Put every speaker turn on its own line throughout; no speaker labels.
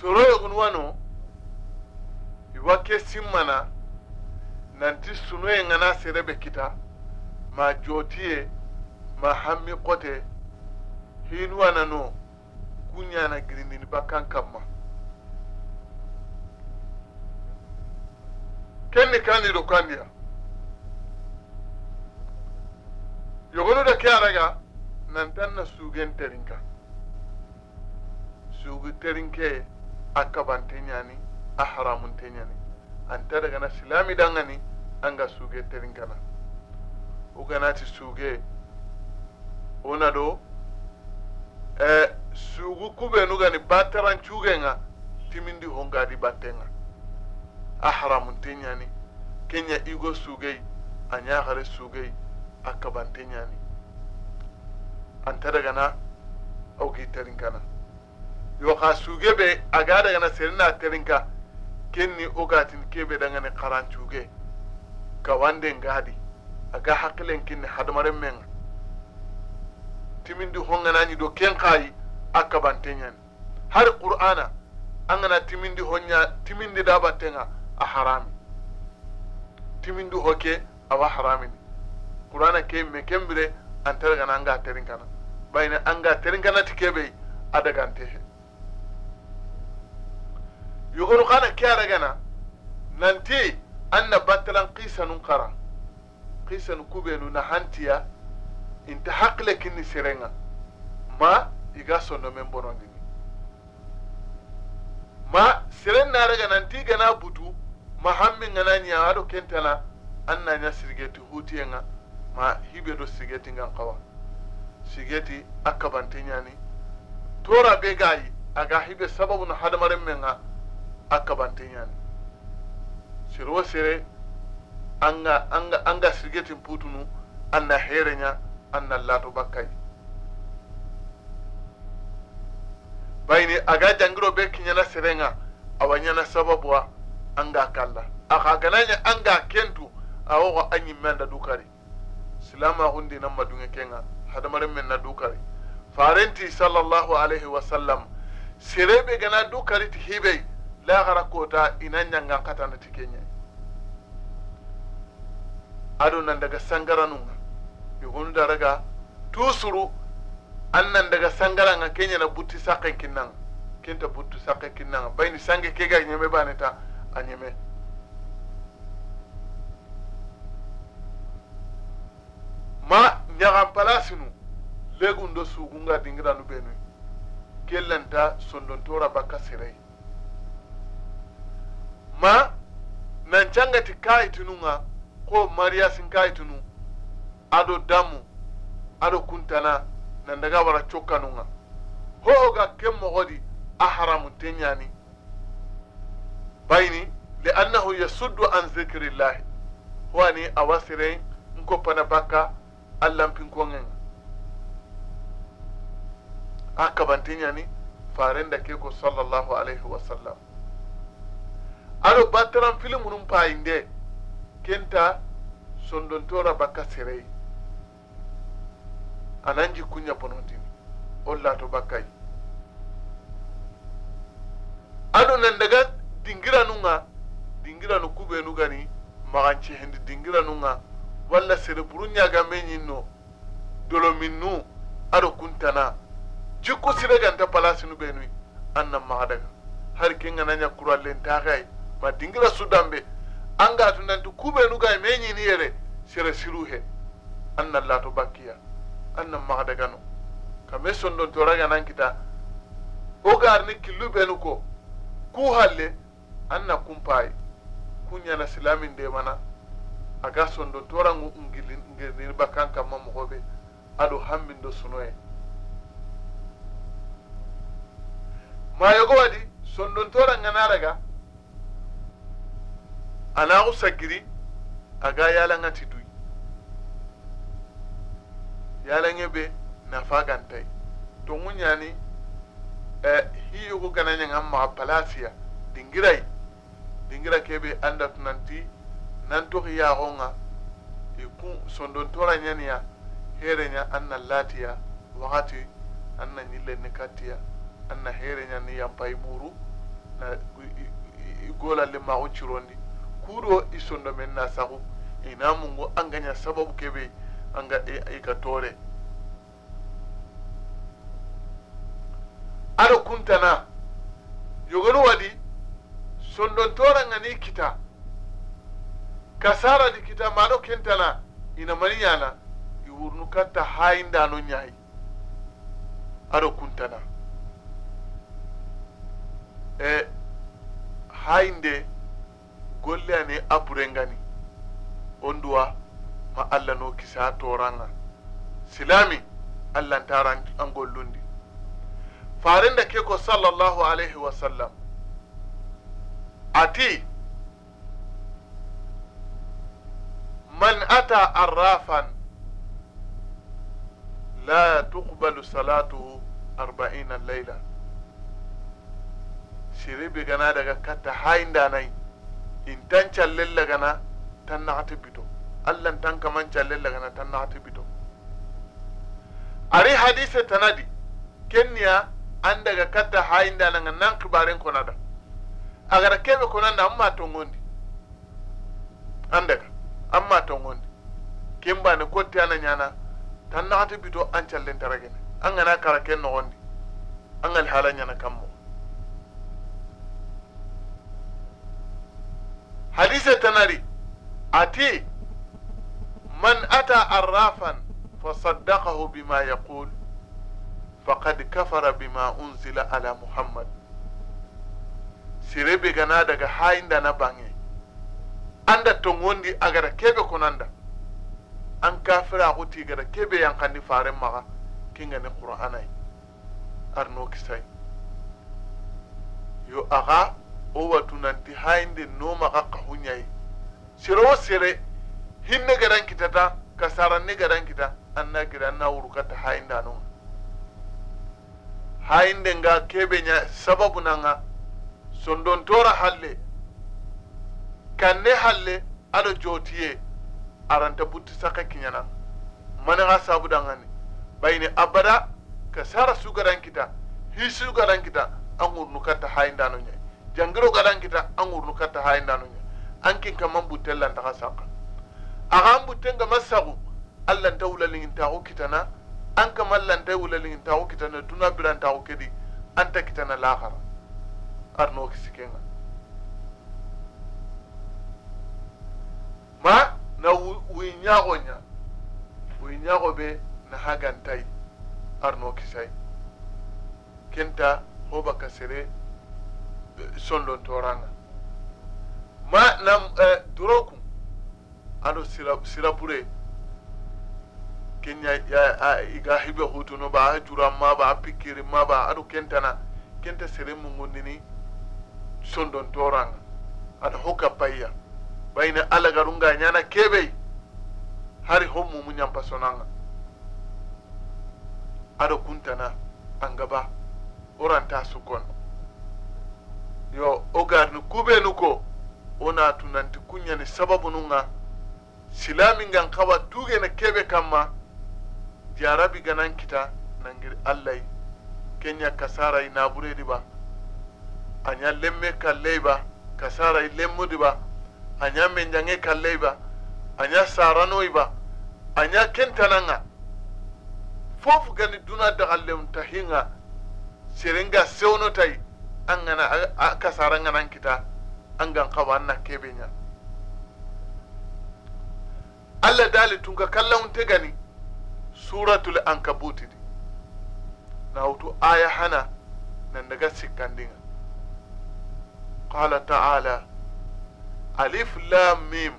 soro yogun wano iwa ke simmana nanti sunu ye ŋana serebe kita ma joti ye ma hammi kote hinuwa nano kuɲana girindiniba kan kanma kenni kandi do kandiya yogono da ke araga nantan na sugen terinka sugu terinke akaban tenyani aharamun tenyani ñani Antara dagana silami dangani anga suge terin ugana uganati suge ona do eh, sugu kubenu gani nga timindi hongadi di batenga aharamun tenyani kenya igo suge, anya hare suge, akaban tenyani ñani anta dagana au gitarin yoka suge be aga dagana serina terinka kenni ogatin kebe dangane karancuge gawanden gadi aga hakkilen kinni hadamaren menga timindi honganani do ken kayi a kabanteñani hari qur'ana an gana timindi honya timindi dabatenga a harami timindi hoke awa haramini qur'ana ke me kembire an gana an ga terin kana bayna an ga terin kana tikebe a dagante yugonu kana kiyara gana nanti anna kisanu qisanun kisanu qisan kubenu na hantiya inta haqle kinni serenga ma iga sonno men bonondini ma seren nan nanti gana butu ma hammin gana niya na kentana na nya sirgeti nga ma hibe do sigeti nga kawa sigeti akabante ni tora be gayi aga hibe sababu na hadamaren men nga akabantin yan sirwa sire anga anga anga sirgetin putunu anna herenya anna lato bakkai bayni aga jangiro be kinyana serenga awanyana sababu wa anga kalla aka gananya anga kentu awogo anyi menda dukari silama hundi namma dunge kenga hadamaren men na dukari farenti sallallahu alaihi wasallam sirebe gana dukari ti lahara kota ina ñangan na keñayi aɗo nan daga sangaranunga yogonu daraga tusuru an nan daga sangaranga na butti sakai kinnanga kenta butti sakke kinnanga bayni sange kega ñeme baneta a ñeme ma ñagan palasinu legundo sugunga dingiranu ɓenuyi kellanta sondontora bakka sirayi ma nancanga ti ka itinunga ko maria sin kai tunu ado damu ado kuntana nandaga wara cokkanunga ho ga ken mogodi a haramunte ɲani bayini ya yasuddu an zikirillahi howani a wasire nko pana bakka allanpinkongenga a kabante nyani faren da ke ko sallallahu alaihi wasallam aɗo battaran fili munum payinde kenta sondontora bakka serey anan jikkuña ponontini on laato bakkay aɗo nan daga dingiranunga dingiranu kuɓenugani maganci hendi dingiranunga walla sere buruñagame ñinno dolominnu aɗo kuntana jikku sire ganta palasinu ɓenui an nan maga daga har ke gananya kurallen taxay paddingira suddanɓe anga to nanti kuɓenuga e meñini yere sere siru he annan lato bakkiya annan maxadagano kame sondon toraganan kita o garni killuɓenu ko ku halle an na kumpayi kuñana silamin ndemana aga sondon torangu ngirnir bakkan kamma moxoɓe aɗo hammin do sunoye ma yogo waɗi sondon torangana raga ana ga yalan a ti yalan yalaŋe be nafa gantai to ŋu ɲani eh, ko gana ɲaŋa ma palasiya dingirai dingira kebe anda tunanti nantoxi yaxonŋa i kun sondontora ɲaniya hereɲa an na latiya wakati an na ɲillenni kattiya an na nya ni yanpayi muru na i golalli maxun cirondi kuro isondo men na sahu ina mungo an ganya sababu kebe an ga e, e ka tore aɗo kuntana yogonu waɗi sondontorangani kita kasara di kita maɗo kentana ina mani yana i wurnu katta hayindano ñayi aɗo kuntana e hayinde golle ani apurengani on duwa ma allah no kisa toranga silami allah ntara an gollundi da ke ko sallallahu alaihi wa sallam ati man ata arrafan la tuqbalu salatuhu arbaina layla shiribi gana daga katta nai. in tan callen lagana tan naxati bito allan tan kaman callen lagana tan naxati bito ari hadise tanadi kenniya an daga katta hayindananga nan kibaren konada agara keɓe konanda an ma tongondi an daga an ma tongondi ken bani kotte ana ñana tan naxati bito an callen taragene an gana kara ken noxondi an gali hala ñana kammo hadise tanari ati man ata arrafan fasaddakahu bima yaqul faqad kafara bima unzila ala muhammad sirebe gana daga da na bange anda a agara kebe kunanda an kafira akuti gara kebe yankandi faren maga kingani qur'anai arno kisai yo aga o watu nanti hayinde noma ka kahunyai sere o sere hinne garan kitata kasara ne garan kita anna gira anna urukata hainde anunga hainde nga kebe nya sababu nanga tora halle kanne halle ado jotiye aranta butti saka kinyana mana ha sabudangani bayni abada ka sara kita hi kita an ŋurnu hainde hayindano ñayi jangiro gadan kita an wurnu katta hayin nanu an kin kaman bute lan ka saka a han butel ga masagu allan ta lingin ta ko kitana an kaman lan ta lingin ta ko kitana tuna biran ta ko kedi an ta kitana lahara arno kisikenga ma na winyago nya winyago be na hagantai arno kisai kenta hoba kasere sondon toranga ma nam eh, durokun ano sira sirabure kenya ya a, iga hibe hutuno ba a jura ma ba a pikiri ma ba ado kentana kenta sere mungundini sondon toranga ada hoka payya bayna ala garunga nyana kebe hari homu munyampa sonanga ado kuntana angaba oranta sukon yo wo garini kubenu ko na tunanti kunyani sababu nunga silamin gan kawa tugene kebe kanma jarabi ganan kita nangir allahi kenya kasarai naburedi ba anya lemme kallei ba kasarai lemmudi ba anya menjange kallei ba anya saranoi ba anya ga fofu gani duna dagallemta hinga serenga sewnotai a kasara kita an gan kawo an na kebe ɲa alla dali tun ka kallawunte gani suratul ankabuti di na wutu aya hana nan daga sikkandinga qala ta'ala alif lam mim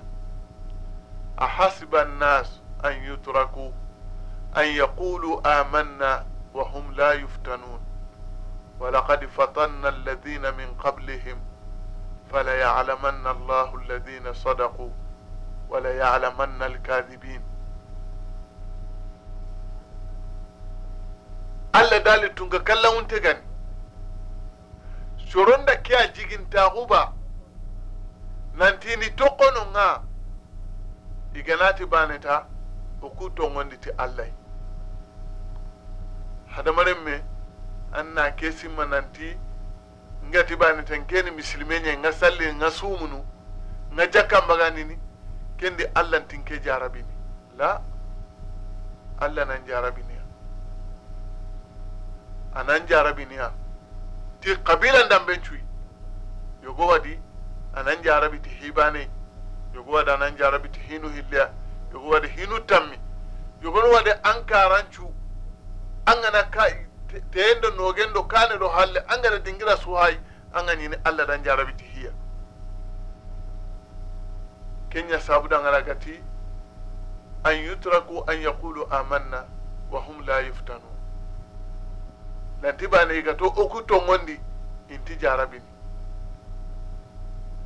أحسب an أن يتركوا أن amanna wa وهم لا يفتنون ولقد فطنا الذين من قبلهم فليعلمن الله الذين صدقوا وليعلمن الكاذبين Allah dali tunga kallon wunta gani, shoron da ke a jigin tahuba, nan tini tokonon ha, iganati banita, hukuton wani ti Allah. Hadamarin me, anna ke simma nga ngati bani ni keni misilimeñe nga salli nga sumunu nga jakkambaganini kendi allah tin ke jarabini la allah nan jarabiniya anan jarabiniya ti kabilan damben cuyi yogo wadi anan jarabi ti hibane yogo wadi anan jarabi ti hinu hilliya yogo wadi hinu tammi yogon wadi an karancu an ka teyen do nogen do kane do halle an gana dingira su hay an gani ne allah dan jarabi ti hiya kenya sabu dan gati an yutraku an yaqulu amanna wa hum la yuftanu nanti bane gato in ti jarabi inti jarabini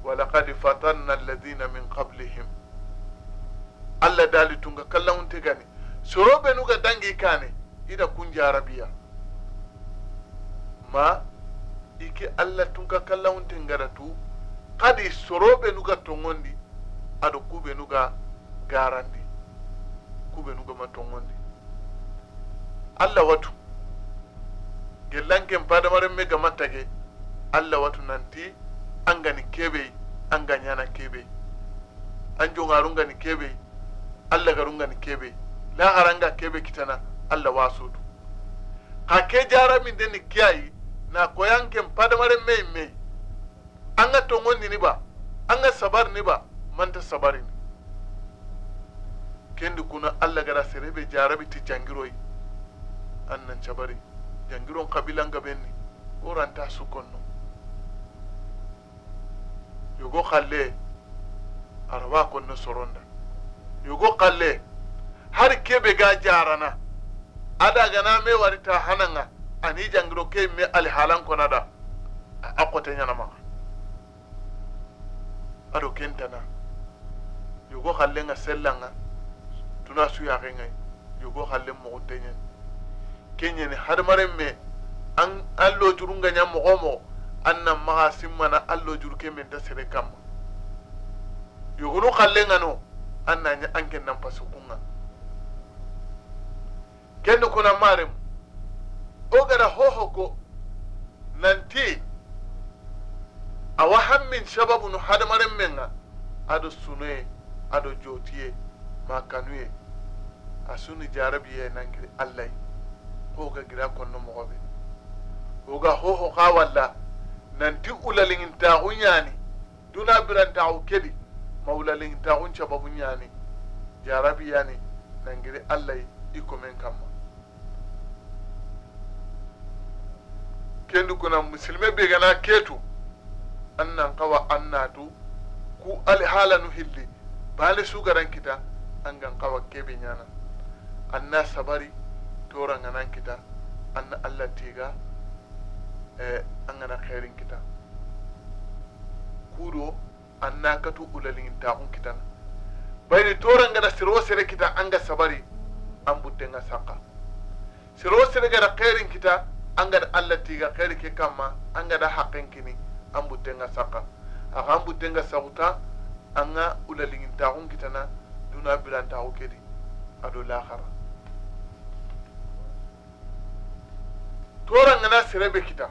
walaqad fatanna alladhina min qablihim allah dali tunga kallawunte gani soroɓe nuga dangi kane ida kun jarabiya ma iki allah tun ka kallawunten gada tu kadi be nuga tongondi aɗo kuɓe nuga garandi ma tongon tongondi allah watu gellanken padamaren me gama ke. allah watu nanti an gani keɓey an gañana keɓey an gani kebe allah kebe la haranga kebe kitana allah wasudu ka ke jaramin deni kiyayi na koyan ken padamaren mai mai an ga tongon ni ba an ga sabar ni ba manta sabari ni kendi kuna allah gara be jarabi ti jangiroi an nan cabari jangiron kabilan gaben ni wo ranta su konno yogo kalle araba konno soronda yogo kalle har kebe ga jarana ada gana me warita hananga ani jangiro ke me alihalan kona da a kote ñanama ado kentana yogo xallenga sellanga tuna suyaxengay yogo xallen moxunte ñen ke ñeni hadamaren me an an lojurunga ña moxo moxo an nan maxa simmana an lojuru ke men ta sere kamma yogonu xallenga no an naña an ken nan pasukunga kenne kuna maremu ogara hohogo nanti awa hammin sababu no hadamaren men ga aɗo sunoye ado jotiye ma kanuye a suni jarabiye nankiri ko hoga gira konno ko hoga hoho ka walla nanti ulaligintaxu yani duna birantaxu keɗi ma ulaligintaxun sababu ñani jarabiyani nangiri allahy iko min kamma kendi kuna musilme be gana ketu annan kawa annatu ku nu hilli bali garan kita an gan kawa kebe ñana anna sabari toran ganan kita anna allah tiga eh, an gana khairin kita kuɗo anna katu un kita bayni toran gana siro sere kita an ga sabari an budde ga sakka siro sere gana khairin kita an gada allah tiga kari ke ma an gada haƙin kini an butten ga saka a kan butten ga sauta an ga ulalingin kita na duna bilan taku kedi a do lahara toran gana sirebe kita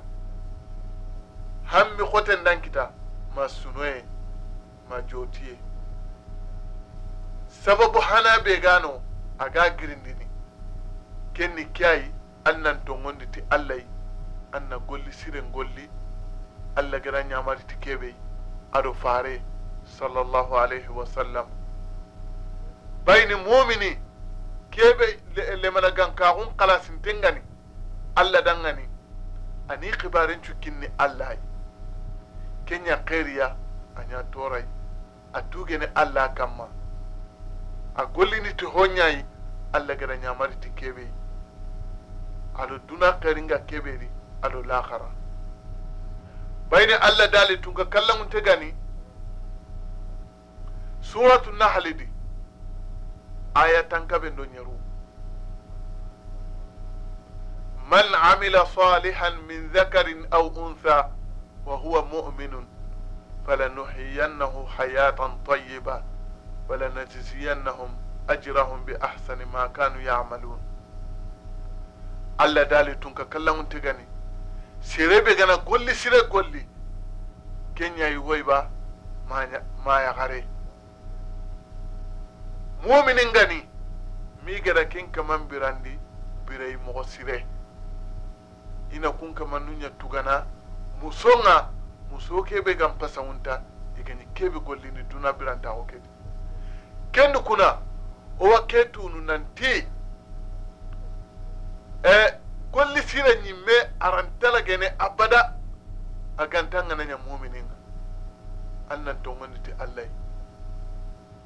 bi hoten dan kita ma sunoye ma jotiye sababu hana be gano a ga girindini kenni kiyayi annan to gondi ti an na golli sirin golli allah gera nyamari ti keɓey aɗo fare sallallahu alayhi wa sallam bayni momini keɓe lemana gankakun kalasinte gani allah dan kibarin ani ni allah yi kenya keriya aña toray a tuge ni allah kama. a golli ni ti yi allah gera nyamari ti yi aɗo duna keringa keɓeni aɗo lahara bayni allah dali tunga kallamunte gani suratu nahli di aya tankaɓe do ñeru man amila salihan min dhakarin aw untha wa huwa muminun falanuhiyannahu hayatan tayyiba walanajziyannahum ajrahum bi ahsani ma kanu yamalun allah dali tun ka kallon mun gani sire be gana golli sire golli kenya yi wai ba ma ya gare muminin gani mi gara kin kaman birandi birai mogo sire ina kun kaman nunya tugana muso nga muso ke kebe gan pasawunta igani golli ni duna biranta ko kedi kendi kuna owa ketunu nanti eh kulli sira ñimme arantala gene abada a ngana nya mu'minin annan to ngani ti allah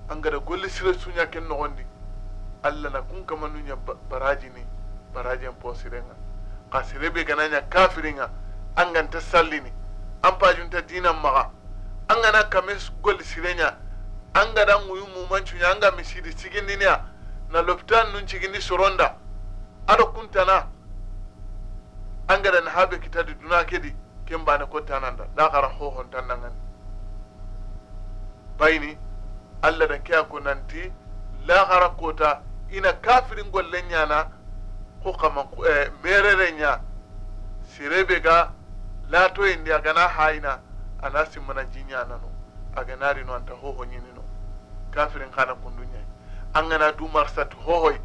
an gada sira sunya ken no gondi allah na kun kama barajini baraji ni barajen posirenga kasirebe gana nya kafiringa an ganta sallini an pajunta dinan maga an gana kame golli sireña an gada nguyu mumancunya an ga misiri sigindiniya na lopitan nun cigindi soronda aɗa kuntana an gada na kita di duna kedi ken bane da da xara hohon tan nangani bayni allah da kiya ko nanti la xara kota ina kafirin golle ñana ku xaman eh, merere ña sirebe ga latoyindi a gana hayina ana simmana ji no a ta hohon hoho no kafirin kana kundu ñayi an gana du marsati hohoi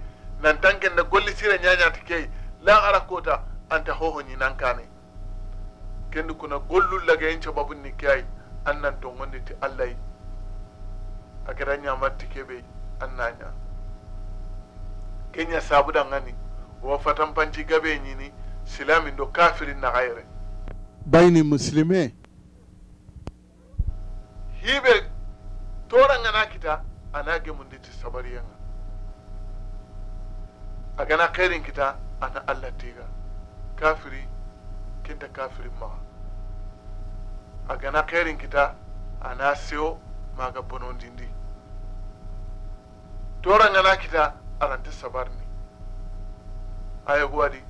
nan tanken da golli sire ta key lan ara kota ta hoho ni kane kendi kuna gollul yin cobabunni ke kai an nan to ti allah yi a keta ke keɓe an sabu da ngani wa fatan fatanpanci gabe ni silami do kafirin na hayre bayni muslime toran torangana kita ana gemunditi sabariyanga a gana kairin kita ana allah tega kafiri kinta kafirin ma a gana kairin kita ana siyo ga bonon dindi toran gana kita ranta sabar ni aye gwadi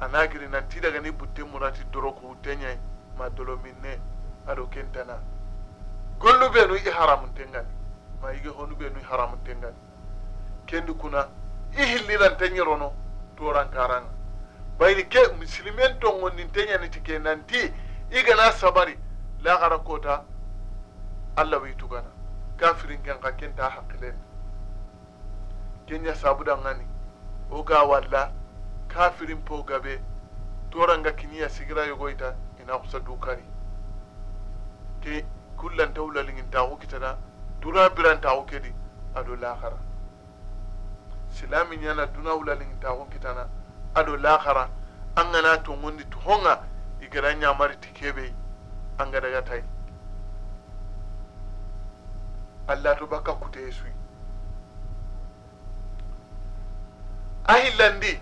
ana giri nan ti daga ni butte munati doro ku tenye ma dolo minne ado kentana gollu benu i haramun tengani ma ige honu benu i haramun tengani kendi kuna ihillilan teñerono toran bai bayni ke misilimen ton gonnin teñaniti ke nanti igana sabari lahara kota allah tugana kafirin ken ka kenta hakkilen kenya sabudan ngani o ga walla kafirin po gabe toranga kiniya sigira yogoyta ina kusa dukani ke kullanta wulalingin taxu kitana dura birantaxu kedi ado lahara silamin yana duna wulalin taxun kitana ado laxara an gana tongondi honga i gada ñamari ti kebe an ga ya tay allah to bakka kuteye suy a hillandi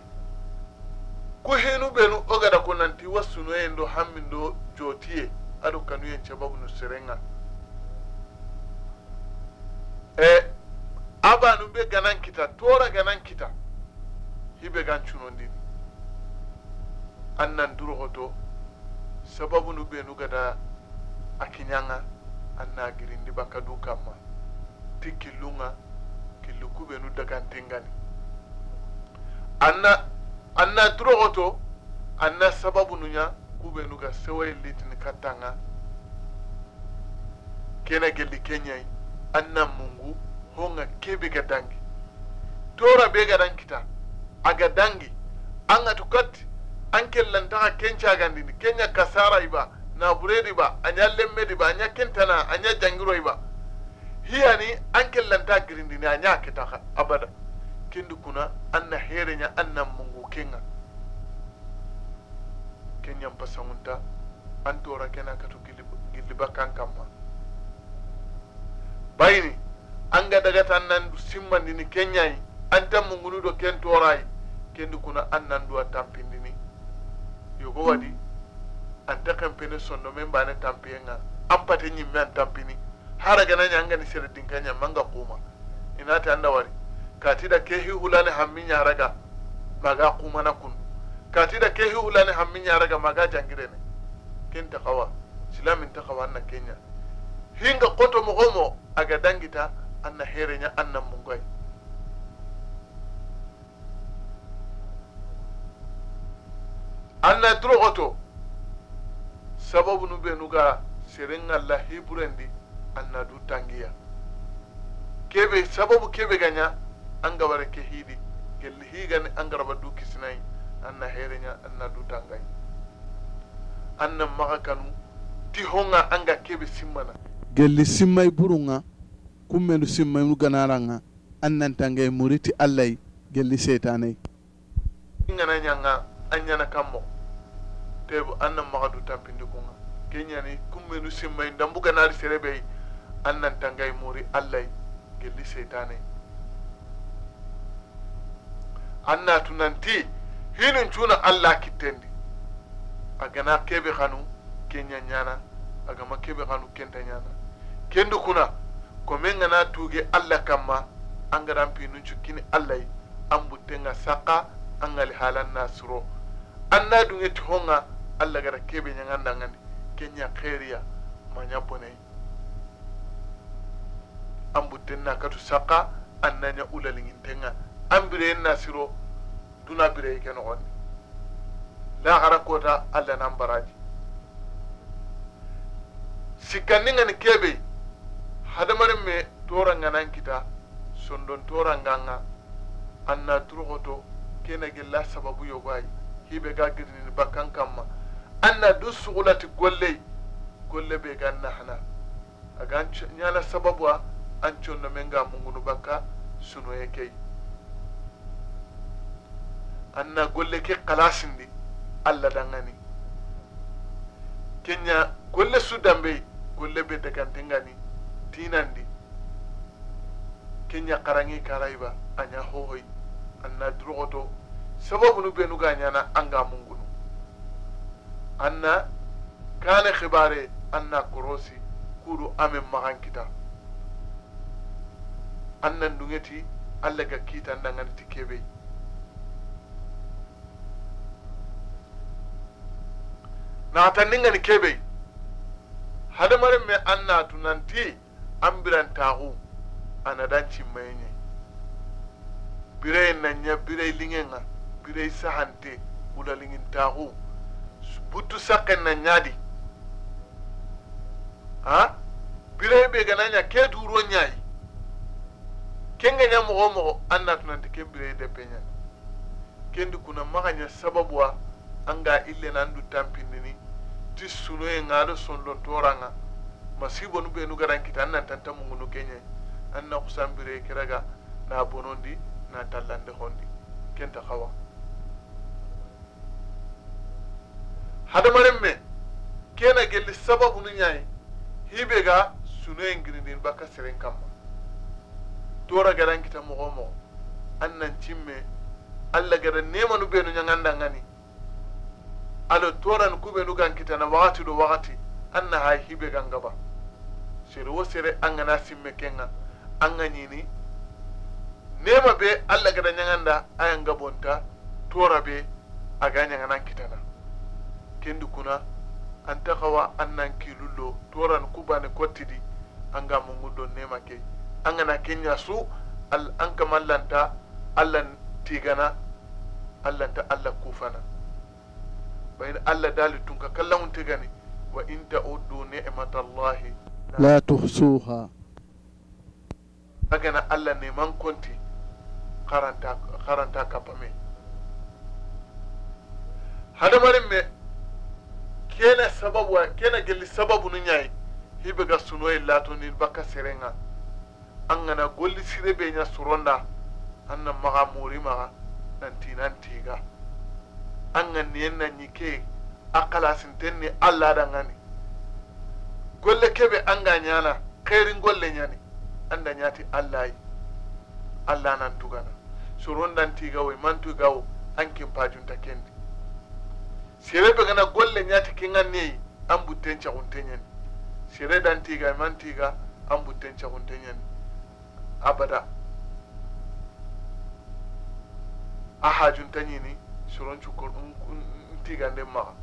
ko henu benu o gada ko nanti wassunoyen do hammin do jotiye jootiye aɗo kanuyen cababunu serenga e abanum be ganan kita tora ganan kita hibe gan cunondini annan duroxoto sababu nu be nu gada a kiɲanga an na girindi bakka du kanma ti killunga killu kube nu dagantengani anna anna an na sababu nu nuɲa kube nu ga sewayi litini kattanga kena gelli an na mungu honga kebe ga dangi tora be ga ta a aga dangi an atu katti an kellanta ha kenca gandini kenya kasara iba na buredi ba anya lemmedi ba anya kentana anya jangiro iba ni an kellanta girindini anya kita abada kendi kuna anna herenya anna mungu kenga kenyan pasangunta an tora kena katu gilliba kan kamma bayini an anga daga tan nan simmandi ni yi an tan mungunu da ken torai kendi kuna an nan duwa tampindi ni yogo wadi an ta kampini sondo men bane tampiyenga an pate nyimme an tampini hara gana nyanga ni sere dinka nyamanga kuma ina inata anda wari katida kehi hulane hammi nyaraga maga kuma na kun katida kehi hulane hammi nyaraga maga jangirene kenta kawa silamin ta kawa na kenya hinga koto mogomo aga dangita an na herenya an na mungoy an na turogoto sababu nube nuga ga seren alla hiburendi an na du tangiya kebe sababu kebe ganya an gabara ke hidi gelli higani an garaba du kisinai an na herenya an na du tangai an na maga kanu ti honga an ga kebe simmana gelli simmai burunga kummendu simmanu ganaranga an nantangay e muriti allay gelli setanay ingana ñanga a ñana kammo tebu an nan maxa du tampindi kunga ke ñani kummenu simmay e ndambu ganari sereɓey an nantangay e muri allay gelli setanay an natu nanti hinin cuna allah kittendi a gana kebe xanu ke ñañana a gama kebe xanu kenta ñana kendi kuna ko min gana tuge allah kama an garan pinu cikin allah yi an nga saka an gali halan na suro an na dunge ti honga allah gara kebe ñagan dangani kenya kheriya ma ñabbonayi an butten na katu saka an na te ulalingintenga an bire na siro duna bireyi ke noxonni lahara kota allah nan baraji sikkandingani kebe hadamarin me toranga nan kita sondon toranganga anna turugoto kena gilla sababu yogoayi hibe ga girini bakkan an na du sugulati golley golle be gan nahana aga ñana sababu a an conno na menga mungunu bakka sunoye an na golle ke kalasindi allah dangani kenya golle su dambe golle be dagantengani tinandi kenya karangi karaiba a ɲa anna an na nu sababunu benu ga ɲana an mungunu an na kane khibare an na korosi kudu amen maxan kita an nan dunŋeti alla ga kiitan nanganiti kebeyi natanni ni kebe hadamaren me an tunanti anna an biran taxu ana dan cimmaye ñe birey nanña birey liŋenga birey sahante wula liŋin taxu buttu sakken na ñaadi ha birey ɓe gana ña ke duro ñayi kenga ña moxo moxo an natunanti ken birey deppe ñani kendi kuna maxa ña sababuwa anga ille nan du tampindini ti sunoye ŋa do sondontoranga masibo nu ɓeenu garan kita an nan tanta mungunu keñe an na kusanbire kiraga na bonondi na tallande hondi kenta xawa hadamaren me kena gelli sababu nu ñayi hibe ga sunoyen girindin bakka seren kamma tora garankita kita mogo mogo an nan cimme allah gada nemanu ɓeenu ñaganda ngani alo toran kuɓenu gan kitana wakati do wakati an na hay hibe gan gaba sere wo sere an gana simme kenga an ga ɲini nema be allah gada ñaganda ayan gabonta tora be aga ñaganan kitana kendi kuna an taxawa an nan kilullo toran kubane kotidi an ga mungundo nema ke an gana kenya su an kama lanta allah tigana allah ta allah kufana bayin allah dali tun ka kallawun tigani wa in ta'uddu ni'matallahi la tuhsuha magana allah neman kunti karanta kafame hadamarin me kena sababu kena gelli sababu nun yayi hibe ga sunoye latoni baka serenga an gana golli sire be nya suronda annan maga muri maga nan tinan tiga an ganni yenna nyike akala sintenni allah dangani golle an ga nyana kairin golle ñani an da nyati allah nan tugana dan tigawo man tigawo an ta kendi serebe gana golle ñati kingan ne an butten cahunte ñani sere dan tiga man tiga an butten cahunte ñani abada a hajunta ñini soron cukkor n tiganden maxa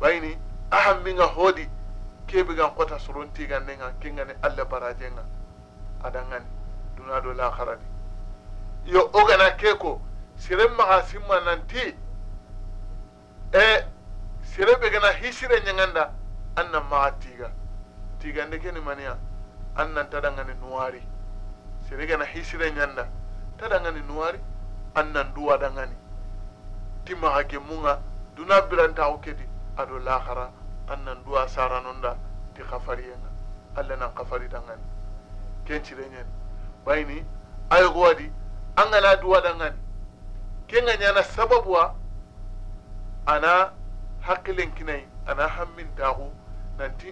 bayini a hambinga hodi. kebe gan kota soron tiga ne nga kinga ne alla baraje nga adangan duna do la yo ogana keko sire maga mananti nanti e sirem be gana hisire nyanganda anna ma tiga tiga ne keni mania ya, anna tadanga ne nuari sirem gana hisire nyanda tadanga ne nuari anna duwa dangani timaga ke munga duna biranta okedi ado la an nan duwa da ti kafariyenga alla nan kafaritangani kencireñani bayni ayogowadi an gana duwa dangani kenga sababu sababuwa ana hakkilen kinai ana hammintaku nanti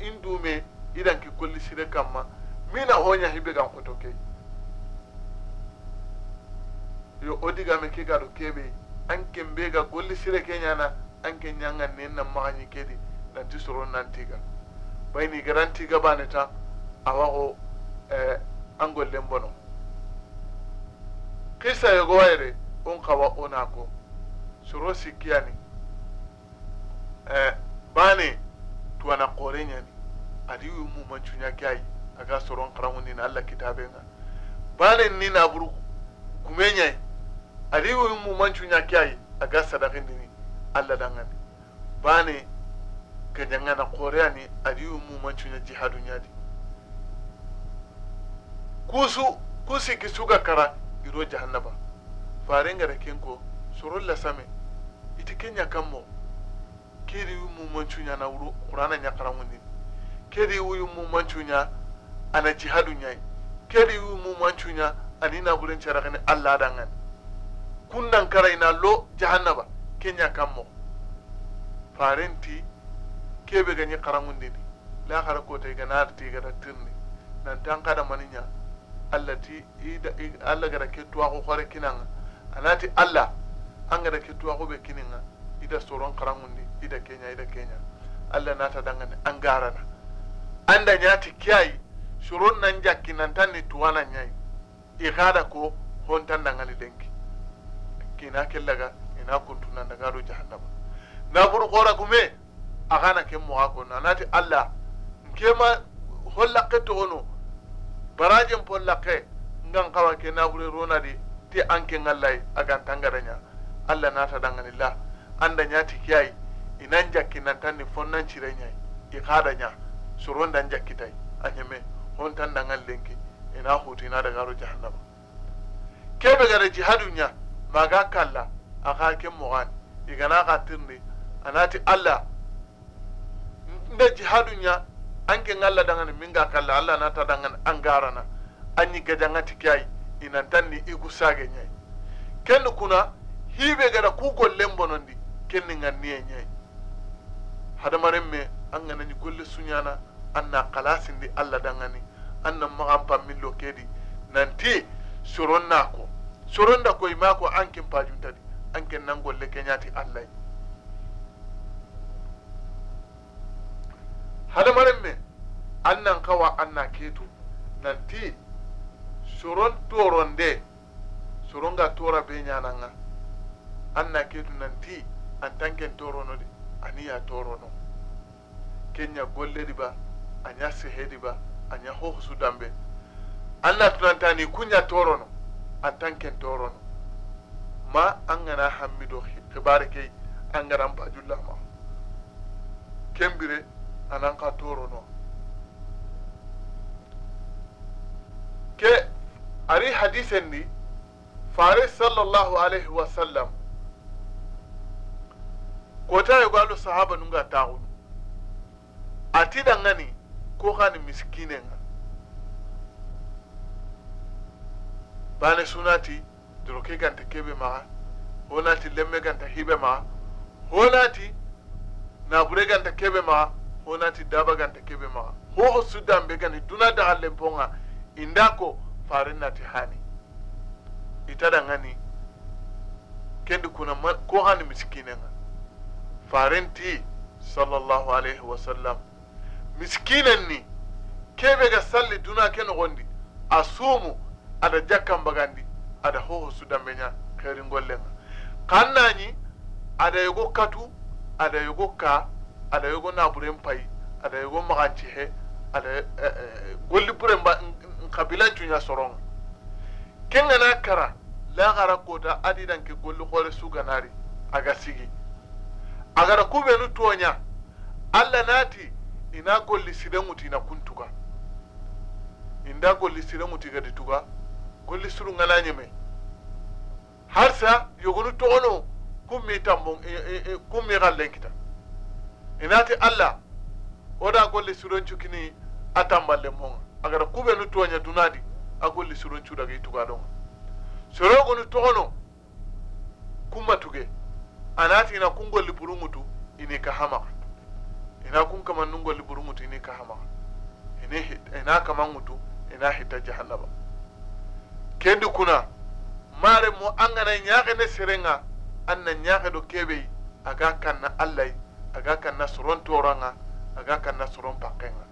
in dume idanki kolli sire kamma mina hoña hibe gan koto key yo o me ke gaɗo kebe an kembe be ga golli sire ke ñana an ke ñangan nen nan maxañi kedi nanti soron nantiga ni garantiga baneta awaxo eh, an gollen bono kisa yogowayre un kawa ona ko soro sikkiyani eh, bane tuwana qore ñani adi yu mumancuña ke ayi aga soron xaranŋu nina alla kitabe nga bane ni naburu kume ñayi adi yu mumancuña ni ayi aga sadakindini alla dangani bane ka janga na korea ni adi umu manchu na jihadu nyadi kusu kusi kisuga kara iro jahannaba farenga da kenko surun la same iti kenya kammo kedi umu manchu nya na wuru qur'ana nya kara mundi kedi umu manchu nya ana jihadu nyai kedi umu manchu nya ani na bulen charakani allah dangan kunnan kara ina lo jahannaba kenya kammo farenti kebe ga ni karangundi dini la khara ko te ga ta ti ga tirni nan tan kada maninya Allah ti Allah ga rake tuwa ko khore kinanga anati Allah an ga rake tuwa ko be kininga ida soron karangundi ida kenya ida kenya Allah na ta dangane an garana an da nya ti kiyai shurun nan jakki nan tan ni tuwana nyai i kada ko hontan dangane denki kina kellaga ina kuntunan daga do jahannama na buru kora kume a axana ke hako na nati allah nkema ho laqe toxono barajen po laqe ngan kawa ke na naxurerunadi ti an ke ngallayi nya allah nata la anda ti kiyai inan jakki tanni fonnan nya i xadaña sorondan jakkitayi a ñeme hontan dangan lenki ina hoti na daga ro jahannama kebe gara jihadu ña maga kalla axa ke moxani igana xa tirni anati allah nda jihadun ya an ke ngalla dangani min ga kalla Allah na ta dangan an garana an yi gajan ati kyai inan tan ni igu sage nyai ken kuna hibe gada ku gollen bonondi ken ni nganniye nyai hadamaren me an ngana ni golle sunyana an na kalasin di Allah dangani an nan magan pammillo kedi nanti soron ko soron ko koy anke an anke pajunta di an ken nan golle kenyati Allah hadamaren me an nan kawa na keto nanti soron de soron ga tora be an na keto nanti an tanken no de aniya no kenya golle diba anya sehe diba anya su dambe na anna ni kunya no an tanken no ma an gana hammido kibare kei an garan bajullama kembire anan ka toro no ke ari hadisen ni fare sallallahu alaihi wasallam kota ye gwalo sahaba nunga a ati dangani ko xani miskinenga bane sunati duroke ganta kebe maxa honati lemme ganta hibe maxa honati nabure ganta kebe ma. honati dabaganta kebe maxa ho o be gani duna daxa lemponga inda ko farin nati hani ngani kendi kuna ko hani nga farin ti sallallahu alaihi wa sallam miskinen ni kebe ga salli duna ke noxondi a suumu aɗa jakkambagandi aɗa hoho suddanɓe ña xeeringollenga xan nañi ada yugo katu ada yugo ka ada yogo na buren pai ada yogo maganci he ada eh, eh, golli buren ba kabilan cunya soron kenga na kara lagara kota adidan ke golli kore suganari aga sigi agara kubenu tonya alla nati ina golli sirenŋuti ina kuntuga inda golli sirenŋuti gadi tuga golli surunŋana ñeme harsa yogonu togono kummi tambon e, e, e, kummi xallenkita inati allah oda golli sironcukini a tamballe monga agara kuɓenu toña dunadi a golli sironcu daga i don ɗonga sorogonu togono kumma tuge anati ina kun golli burungutu ini ka hama ina kun kamannun golli burungutu ini ka hamaka ina kamangutu ina hitta jahannaba kendi kuna mare mo an gana ñaxe ne serenga anna na do kebe aga kanna allai aga na soron toronga aga na soron pakenga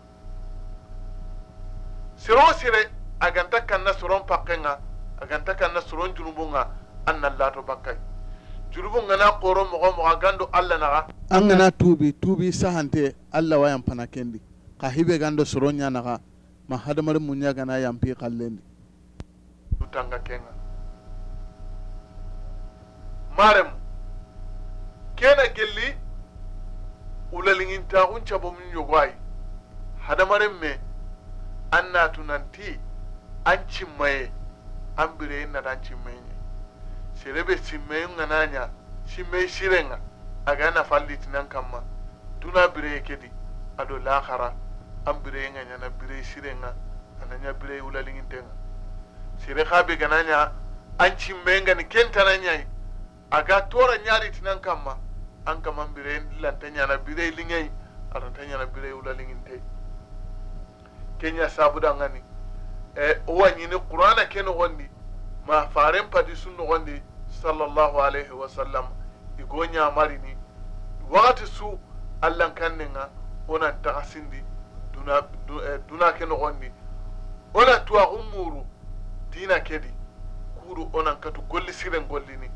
siro sire aganta na soron ta aganta na soron jurubunga an na lato bakkai jurubu ngana koro mogo mogo gando alla naga an na tubi tubi sahante alla wayan pana kendi ka hibe gando soron nya naga ma hadamar munya gana yampi kallendi tutanga kenga marem kena gelli ulaliŋintaxun cabomum yogo ayi hadamaren me an natu nanti an cimmaye an bireyin nata an cimmaye ɲe shire nga a ɲa yana siren ŋa kan ma tuna bire bireye kedi do lahara an bireyi ŋa ɲana bireyi siren ŋa ana ɲa bireyi wulaliŋinte ŋa sere xa be gana ɲa an cimmeyin gani kentana a ga tora kan ma. an kaman birey lanta ñana birey liŋey atanta bire birey wula te kenya ngani e owa ñini qur'ana ke nogondi ma faren pati sunno nogondi sallallahu alaihi wasallam mari ni wati su allan kanninga onan taxa sindi duna, e, duna ke nogondi ona tuwaxun muru dina kedi kuru onan katu golli siren gollini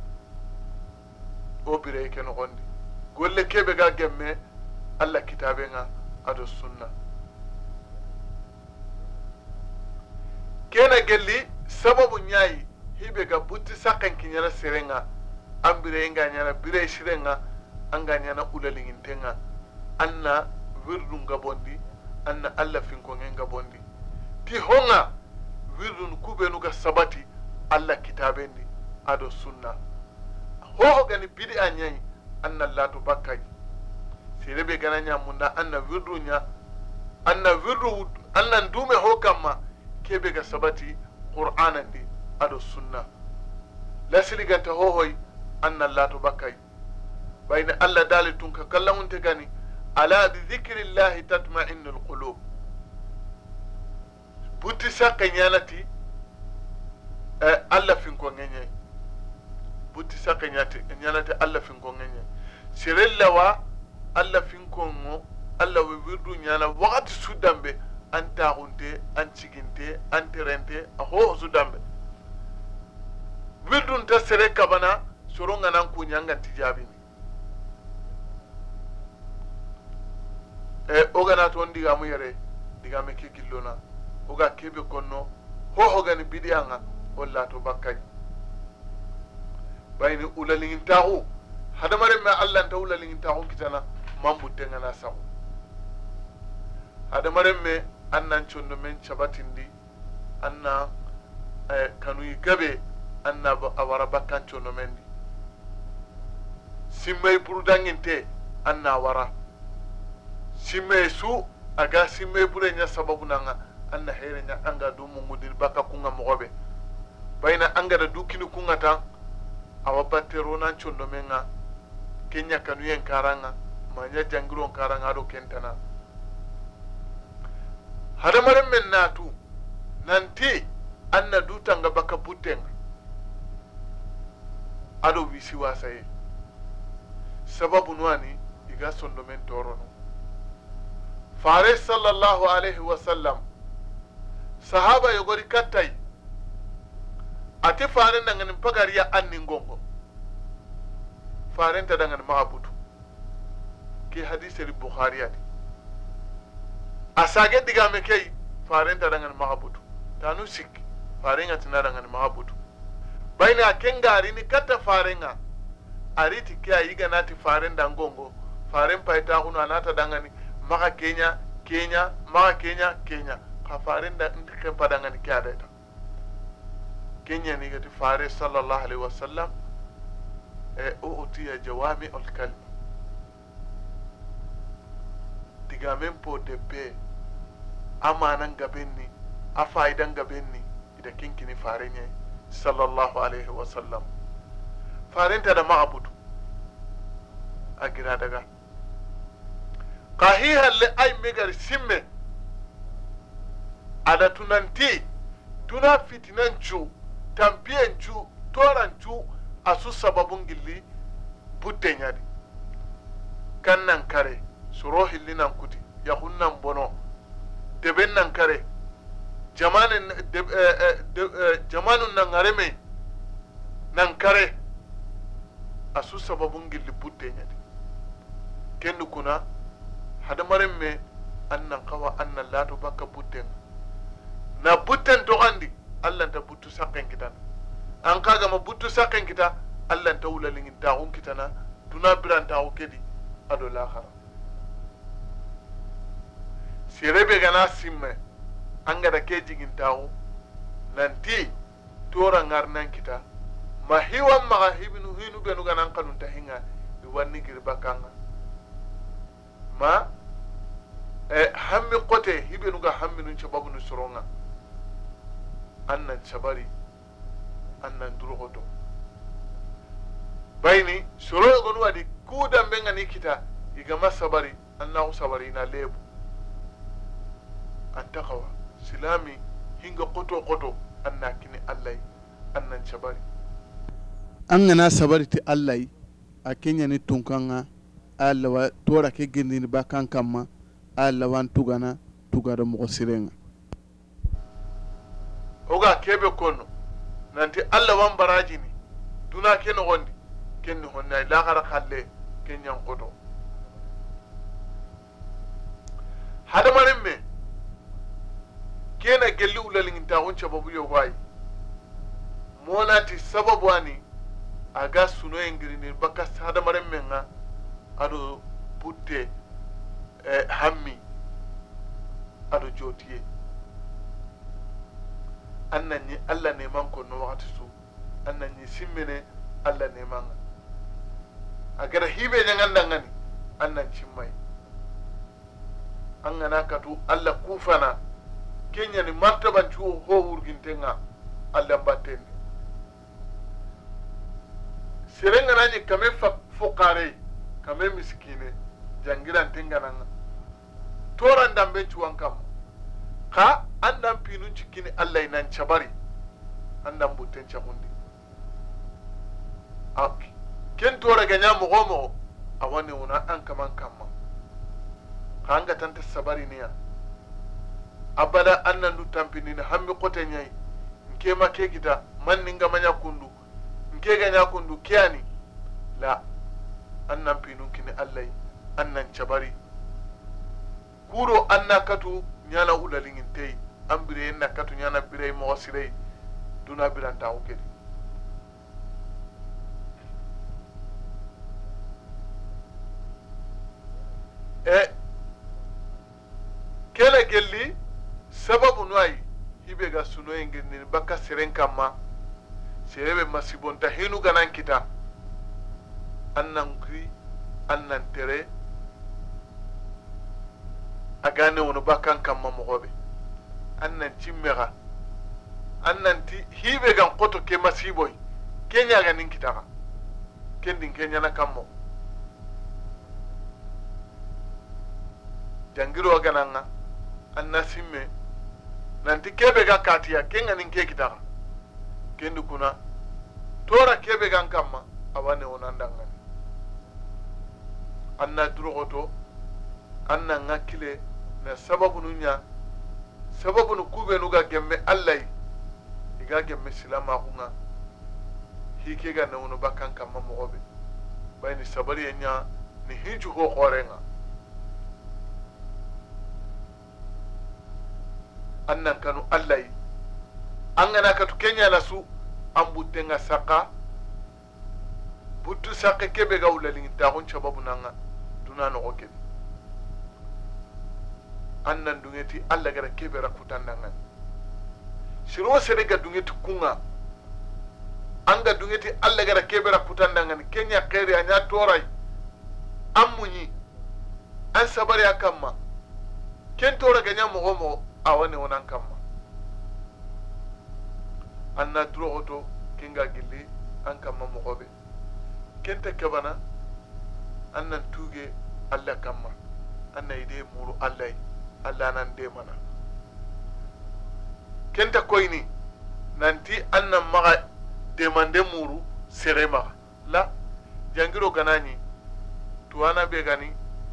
o birey ke nogondi golle keɓe ga gemme allah kitaben ga ado sunna kena gelli sababu ñayi hibe ga butti sakken kiñana sere ga an birey ga bire birey sire ga an ga ñana ulalinginte ga an na bondi an na allah finkongen ga bondi ti honga ku kuɓenu ga sabati allah kitabendi ado sunna hoho gani bidi a annan latu bakkai sere be gana ñamunda anna wirdu ña anna virdu annan dume ho kamma kebe ga sabati qur'ana ndi aɗo sunna lasiliganta hohoy annan latu bakkai bayne allah daali tun ka kallamunte gani ala bi dicirillahi tatmainu lqulub butti sakke ñanati e eh, allah finko ŋeñeyi butti saka ñalate allah finkonŋeñe serellawa allah finkonŋo allah we wirdu ñana wakati suddanɓe an taxunte an ciginte an terente a hoho suddanɓe wirdunta sere kabana soronganan kuñanganti jaabini e eh, o gana toon digamu yere digame ke gillona oga keɓe konno hohogani biɗiyanga o laato bakkaji bayni ulalin taxu hadamaren me ta ulalin taxu kitana man buttengana saxu hadamaren me an nan chondo men cabatindi an na eh, kanuyi gabe an na a wara bakkan condo men di simmey burudanginte an anna awara simmey su aga simmey burenya sababu nanga an heire nya anga ga du baka kunga mogoɓe baina an gada du kunga tan awa banteronan condomen ga ke ɲakanuyen karan ga maɲa jangiron karan ga do kentana hadamaren men natu nanti an na dutanga baka butten ga ado wisi ye sababu nuwani iga men torono fare sallallahu alaihi wasallam sahaba yogori kattai ate faren dangani pagariya annin gongo farenta dangani maxa butu ke hadiseri bouhariyadi a sage digame kei farenta dangani maxa butu tanu sikki farengatina dangani maxa butu bayni a kengarini katta farenga ariti ke a yiganati faren dangongo faren payitaxunu da dangani maka kenya kenya maka kenya kenya xa faren kempa dangani ke adeta kenyani gati faare sallllahu alayhi wa sallam e ya jawami ol kalme diga men po debbe amananga ben ni a fayidanga ben ni ida kinkini fareñe sallllahu alayhi wa sallam farentada ma abudu a gira daga ka hihalle ay migar simme ada tunanti fitinan cu tambiyancu torancu a su sababun gilli budden yadi kan nan kare su rohilli nan kuti ya hunnan bono deben nan kare jamanin eh, eh, eh, nan mai nan kare a su sababun gilli budden yadi kendu kuna hadamarin mai an nan kawa an nan lato baka budden na budden to an gama buttu saken kita allan ta wulalingin taxun kitana duna birantaxu kedi ado laxara serebe gana simme an gada ke jigintaxu nanti tora nan kita ma hiwan maxa hibinu hinu benu kanun ta hinga iwanni girba kanga ma eh, hammi kote hibinu ga nun cababunu soronga an nan cabari annan durgo to bayni soroyo gonu adi kudan be ngani kita igama sabari annahu sabari na lebu antakawa silami hinga koto koto anna kini allahi annan sabari an gana sabari ti allahi a ni tunkanga a lawa tora ke gindini ba kan ma a lawan tugana tugada mogo sirenga oga kebe kono nanti allah wan barajini duna ke nogondi ken ni honna lahara kalle ken yankoto hadamarin me kena gelli ulalingintaxun sababu yogoayi monati sababu ani aga sunoyen girini bakka hadamarin men ga aɗo putte eh, hammi aɗo jotiye an nan yi allah neman ko no wagati su an nan yi sin mene allah neman a gara hibe ne nan dangani an nan cin mai an gana ka tu allah kufana kenyani martaban ciwo ho wurginten ga allah batten seren gana ɲi kame fukare kame miskine jangiranten ganan nga toran dambe ciwon kama ka an dan pinun cikin allah nan cabari an dan butten cahundi a ken tora ganya mogo mogo a wani wuna an kaman kama ka an gatan ta sabari niya abada an nan du finin ni hammi kote nyai nke ma ke gida man ga manya kundu nke ganya kundu ni la an nan pinun kini allah an nan cabari kuro an na katu ñala hulalingin teyi an bireyen na katu ñana bireyi moxo sireyi duna birantaxu kedi e kele gelli sababu nu ayi hibe ga sunoyen gendini bakka seren kamma serebe masibonta hinu ganan kita an nan kiri an nan tere a gane wani bakan kan mamogoɓe an nan cimmexa an nanti hiɓe gan koto ke masiboy ke ñaga nin kitaxa ken din ke ñana kan mogo jangiro gananga an na simme nanti keɓe ga katiya ken ga nin ke kitaxa kendi kuna tora keɓe gan kamma awa ne wonandangani an na duroxoto an nan ga kile na sababu nu ɲa sababu nu kube nu ga gemme alla ye i ga gemme silamaku hi hike ga nawunu ba kan kanma mogo be bayi ni sabari ye nya ni hincu ho hore ŋa an nan kanu alla ye an gana katu kenya la su an butte nga saka buttu sake kebe ga wulalingintaxun sababu nan ŋa duna nogo kebe an nan dunge ti allah gara kebe rakutan nan nan siro sere ga dunge ti kunga an ga dunge ti allah gara kebe rakutan nan nan kenya kere anya torai an munyi an sabari a ma ken tora ganya nya mogo mogo a wani an kama an na turo hoto ken ga gilli an kama mogo be ken ta kebana an nan tuge allah kama an na ide muru allah yi allah nan de mana kenta ni nanti an nan maga demande muru sere maga la jangiro ganani tuwana be gani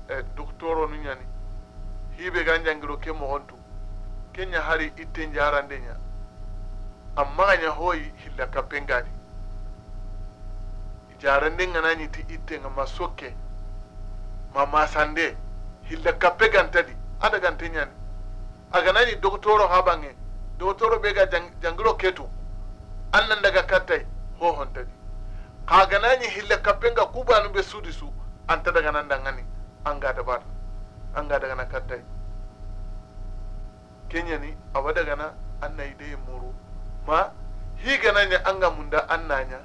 eh, doktoro nu ñani hibe gan jangiro ke mogontu kenya hari ite jarande ña maga ña hoyi hilla kappen gani jarande ganani ti itten ma sokke ma masande hilla kappe gantadi ada gantinyan nani doktoro habange doktoro bega ga jangiro ketu annan daga kattai ho hontadi hille kapenga kuba kubanu be sudi su anta daga nan dangani an ga dabar an ga daga na kattai ni awa daga na anna ide muru ma hi an anga munda annanya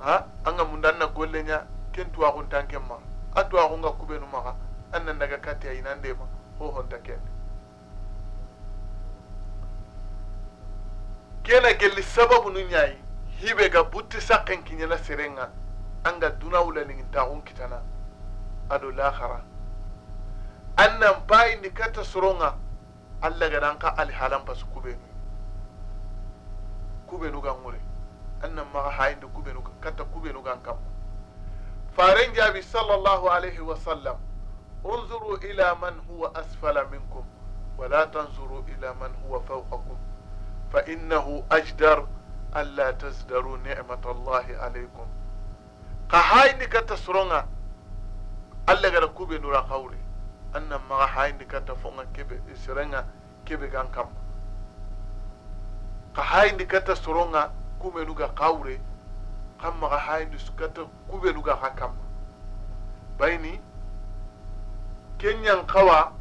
ha anga munda na gollenya kentuwa kun tanken ma tuwa kun ga kubenu maka annan daga kati a inan ma hohon ta kende kena gelli sababu nu yi hibe ga butti wula kiñela serenga kun kita na kitana ado lahara an nan ba katta soronga allah gadan ka alihalan pasu kubenu kubenu gan ŋure an nan maxa hayindi kubenu kube kubenu ga kamma faren jaabi sallallahu alaihi wa sallam unzuru ila man huwa asfala minkum ولا تنظروا إلى من هو فوقكم فإنه أجدر ألا تزدروا نعمة الله عليكم قهاينك تسرنا ألا غرقوب نورا قولي أن ما قهاينك تفونا كبه إسرنا كبه كان كم قهاينك تسرنا كومي نوغا قولي قم قهاينك تكوبي نوغا كم بيني kenyan kawa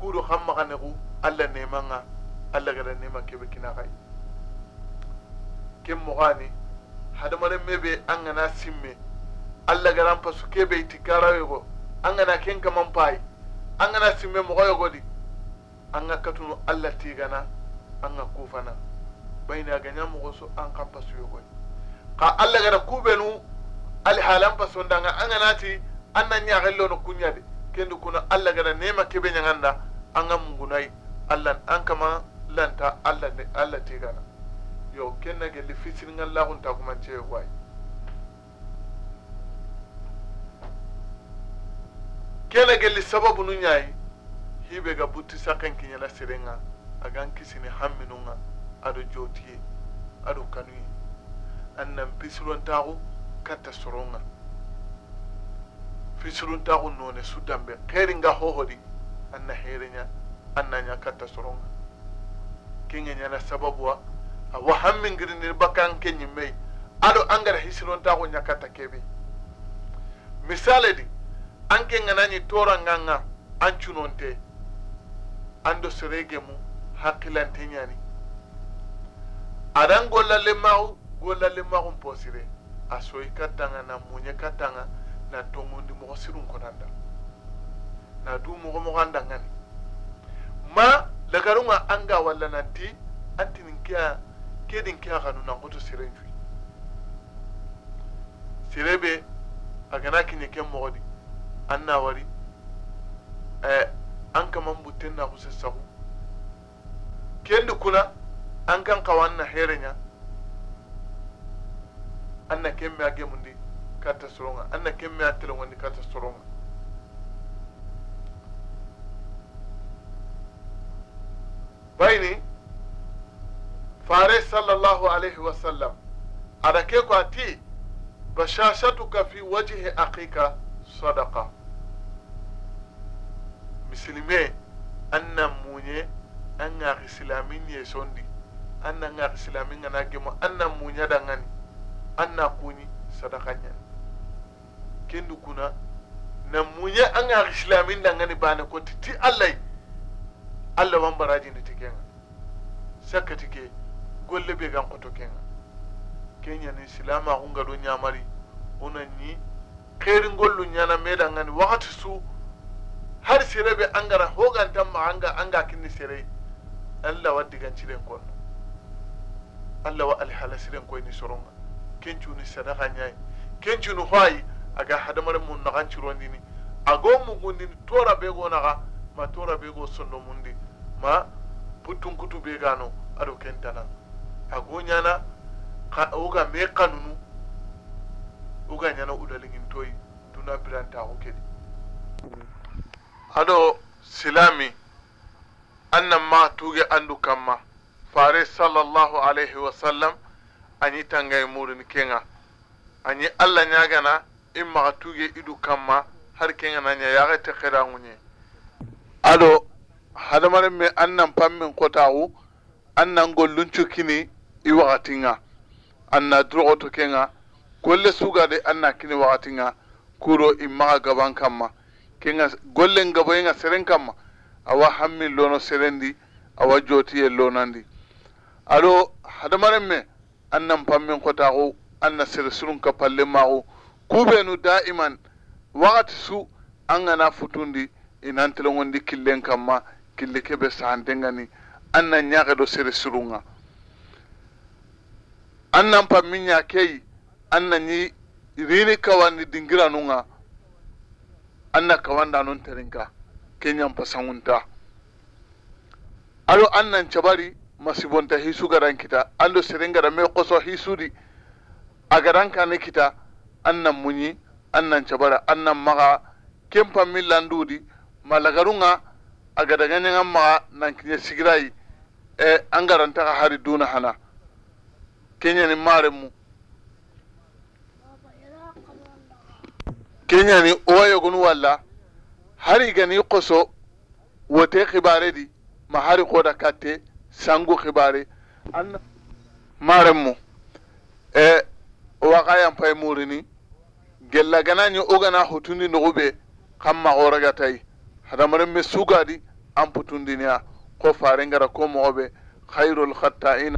kudu hamma ga nugu allah neman ga allah ga neman kebe kina kai ken mugani hadamaren mebe an gana me allah ga ranfa su kebe itikara ko an gana ken kaman fayi an gana me mɔgɔ ko di an ga katunu allah gana an ga kufana bai na nya mɔgɔ su an kan fasu yego ka allah ga da kubenu alhalan fasu danga an gana ti anna ñaxellono kuñadi kendi kuna allah gada nema keɓe ñaganda anga mugunayi allah an kama lanta allah allah tigana yo kenna gelli fisiringan laxunta kumance wayi kena gelli sababu nu ñayi hiɓe ga butti sakken kiñana serenga agan kisini hamminunga aɗo jootiye aɗo kanuye annan pisirontaxu katta soronga fisirunta su none suddanɓe heringa hohori anna na annaña katta soronga kinge ñana sababu wa a wa awa hammingirinir kan ke ñimmey aɗo angara hisironta ko ñakatta keɓe misali di an ke ganañi toranganga an cunonte an do serege mu hakkilante ñani aɗan gollalle maxu gollalle maxum posire a soyi tanga na ka tanga. na tongondi mogo sirun konanda na du mɔgɔ mogo anda ngani ma lagarunga anga walla nanti anti ninkia kedin kia ganu na ngoto sirenjui sirebe agana kinye ken an na wari eh, an kaman butten na kusa sahu kendi kuna an kan an na herenya anna a gemu mundi kata soronga anna kemme atelo woni kata soronga bayni fare sallallahu alaihi wasallam ada ke ko ati bashashatuka fi wajhi aqika sadaqa misilime anna munye an islamin silamin ye sondi anna na islamin silamin gemo an kendu kuna na munye an ga islamin da ngani na ko ti Allah Allah ban baraji ne ta kenan saka take golle bai gan koto kenan kenya ni islama hunga do nyamari unan ni khairin gollu mai meda ngani wakati su har sirebe angara hogan ga an ga kinni sire Allah wa digan cire kwan Allah wa alhala silen koy ni soronga kencuni sadaka nyaay kencuni hoyi aga hadamaren mun ciro nagan mun ago mugundini tora bego naga ma tora bego sondo mundi ma kutu be gano aɗo kentana ago ñana uga me kanunu oga ñana udalingintoyi duna birantaku kedi ado silami annan ma tuge andu kamma fare sallallahu alaihi wasallam anyi tangay murin kenga anyi allah na. in maxa tuge idu kamma har ke ŋana ɲa yaxe te xeranŋu ɲe ado hadamaren me an nan panmin kotaxu an nan golluncu kini i waxatinŋa an na duroxoto ke golle suga an na kini waxatinŋa kuro i maxa gaban kama kenga ŋa gollen gaboyenŋa seren kama awa hammi lono serendi awa jotiye lonandi ado hadamar me an nan panmin kotaxu an na sere surun ka palle maxu kubenu da'iman wakati su an gana futundi inan tilangondi killen kamma kille kebe sahantengani an nan nyaka do sere sirunga an nan pammi ñakeyi an na ñi rini nu dingiranunga an na kawanda non terinka ke ñampa sangunta alo an nan cabari masibonta hisu garan kita an do seren gara me koso hisudi a garan kane kita an nan munyi an nan cabara an nan maxa ken dudi ma lagarunga a gadaganñangan maga nan kiɲɛ sigira e an ka hari duna hana keñani maren mu uwa ya gunu walla hari gani koso wote kibare di ma hari xoda katte sangu xibare an maren mu e waxa yanpay murini gella ni ogana hutundi noxuɓe xam maxoragatayi hadamaren me sugadi an putundiniya ko gara ko moxoɓe xayrol xatta'ina